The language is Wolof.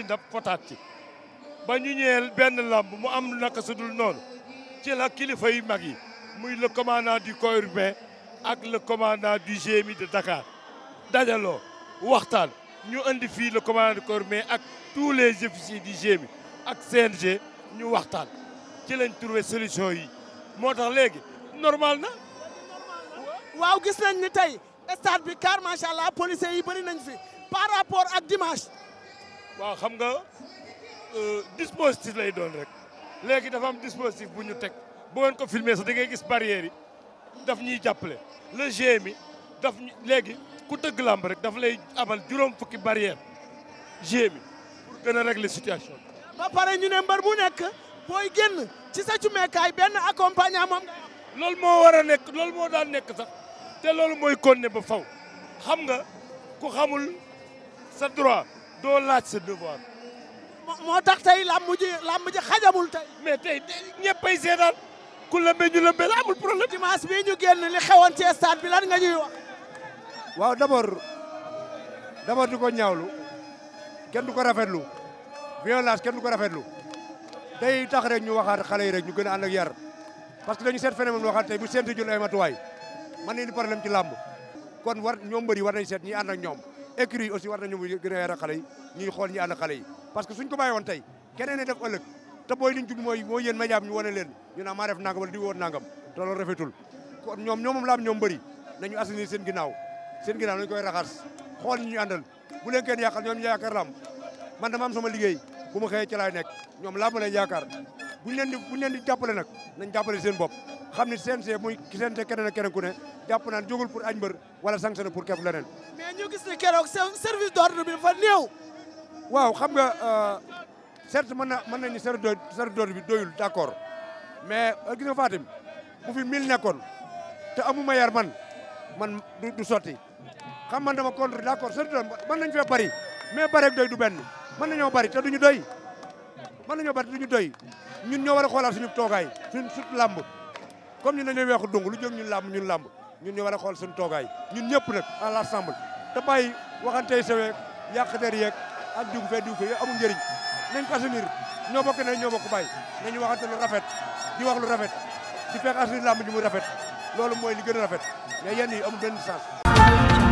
ci ndab fotaat ci ba ñu ñeel benn lamb mu am naka sudul noonu ci la kilifa yu mag yi muy le commandant du corps urbain ak le commandant du GMI de Dakar dajaloo waxtaan ñu indi fii le commandant du corps urbain ak tous les di du GMI ak CNG ñu waxtaan ci lañ trouvé solution yi moo tax léegi normal na. waaw gis nañ ni tey stade bi car macha allah policiers yi bëri nañ fi par rapport ak dimanche. waa xam nga euh, dispositif lay doon rek léegi dafa am dispositif bu ñu teg bu ngeen ko filmer sax da ngay gis barrière daf ñuy jàppale le GMI daf ñu léegi ku tëgg làmb rek daf lay abal juróom fukki barrière GMI pour gën a régler situation ba pare ñu ne mbar mu nekk booy génn ci sa cumeekaay benn accompagnant moom nga am loolu moo war a nekk loolu moo daan nekk sax te loolu mooy konne ba faw xam nga ku xamul sa droit doo laaj sa devoir. moo tax tey làmb ji làmb ji xajamul tey. mais tey ñëppay seetaan ku lëmbe ñu lëmbe la amul problème. dimanche bii ñu génn li xewoon ci stade bi lan nga ñuy wax. waaw d'abord d'abord di ko ñaawlu kenn du ko rafetlu violence kenn du ko rafetlu day tax rek ñu waxaat xale yi rek ñu gën a ànd ak yar parce que dañu seet phénomène waxaat tey bu séntu jël ay matuwaay man nañu problème ci làmb kon war ñoom mbër yi war nañu seet ñi ànd ak ñoom. écrit yi aussi war nañu gën a yar xale yi ñuy xool ñi ànd xale yi parce que suñ ko bàyyi woon tey keneen ne def ëllëg te booy liñ jublu mooy mooy yéen ñu wane leen ñu naa maa def nangam wala di woon nangam te loolu rafetul kon ñoom ñoom moom laam ñoom bëri nañu assainir seen ginnaaw seen ginnaaw nañu koy raxas xool ñi ñu bu leen kenn yàqal ñoom ñu yaakaar laam man dama am sama liggéey bu ma xëyee ci laay nekk ñoom laam ma leen yaakaar buñ leen di buñ leen di jàppale nag nañ jàppale seen bopp xam ni CNG muy CNG keneen ak keneen ku ne jàpp naan jógul pour añ mbër wala sanctionné pour képp leneen. mais ñu gis ne keroog service d'ordre bi dafa néew. waaw xam nga euh, certes man na mën nañu service d'ordre bi doyul d'accord mais euh, gis nga Fatim bu fi mil nekkoon te amuma yar man man du sotti xam man dama contre d'accord service d'ordre mën nañu fee bari mais bari ak doy du benn na nañoo bari te duñu doy man nañoo bari te duñu doy. ñun ñoo war a xoolaat suñu toogaay suñ sut làmb comme ñu dañuy weexu dung lu jóg ñun làmb ñun làmb ñun ñoo war a xool suñu toogaay ñun ñëpp nag à l'ensemble te waxante waxantey saweeg der yeeg ak digu fee digu fee amul njëriñ nañ ko assainir ñoo bokk ne ñoo bokk bàyyi nañu waxante lu rafet di wax lu rafet fee fekk assainir làmb ji muy rafet loolu mooy li gën a rafet mais yenn yi amul benn sens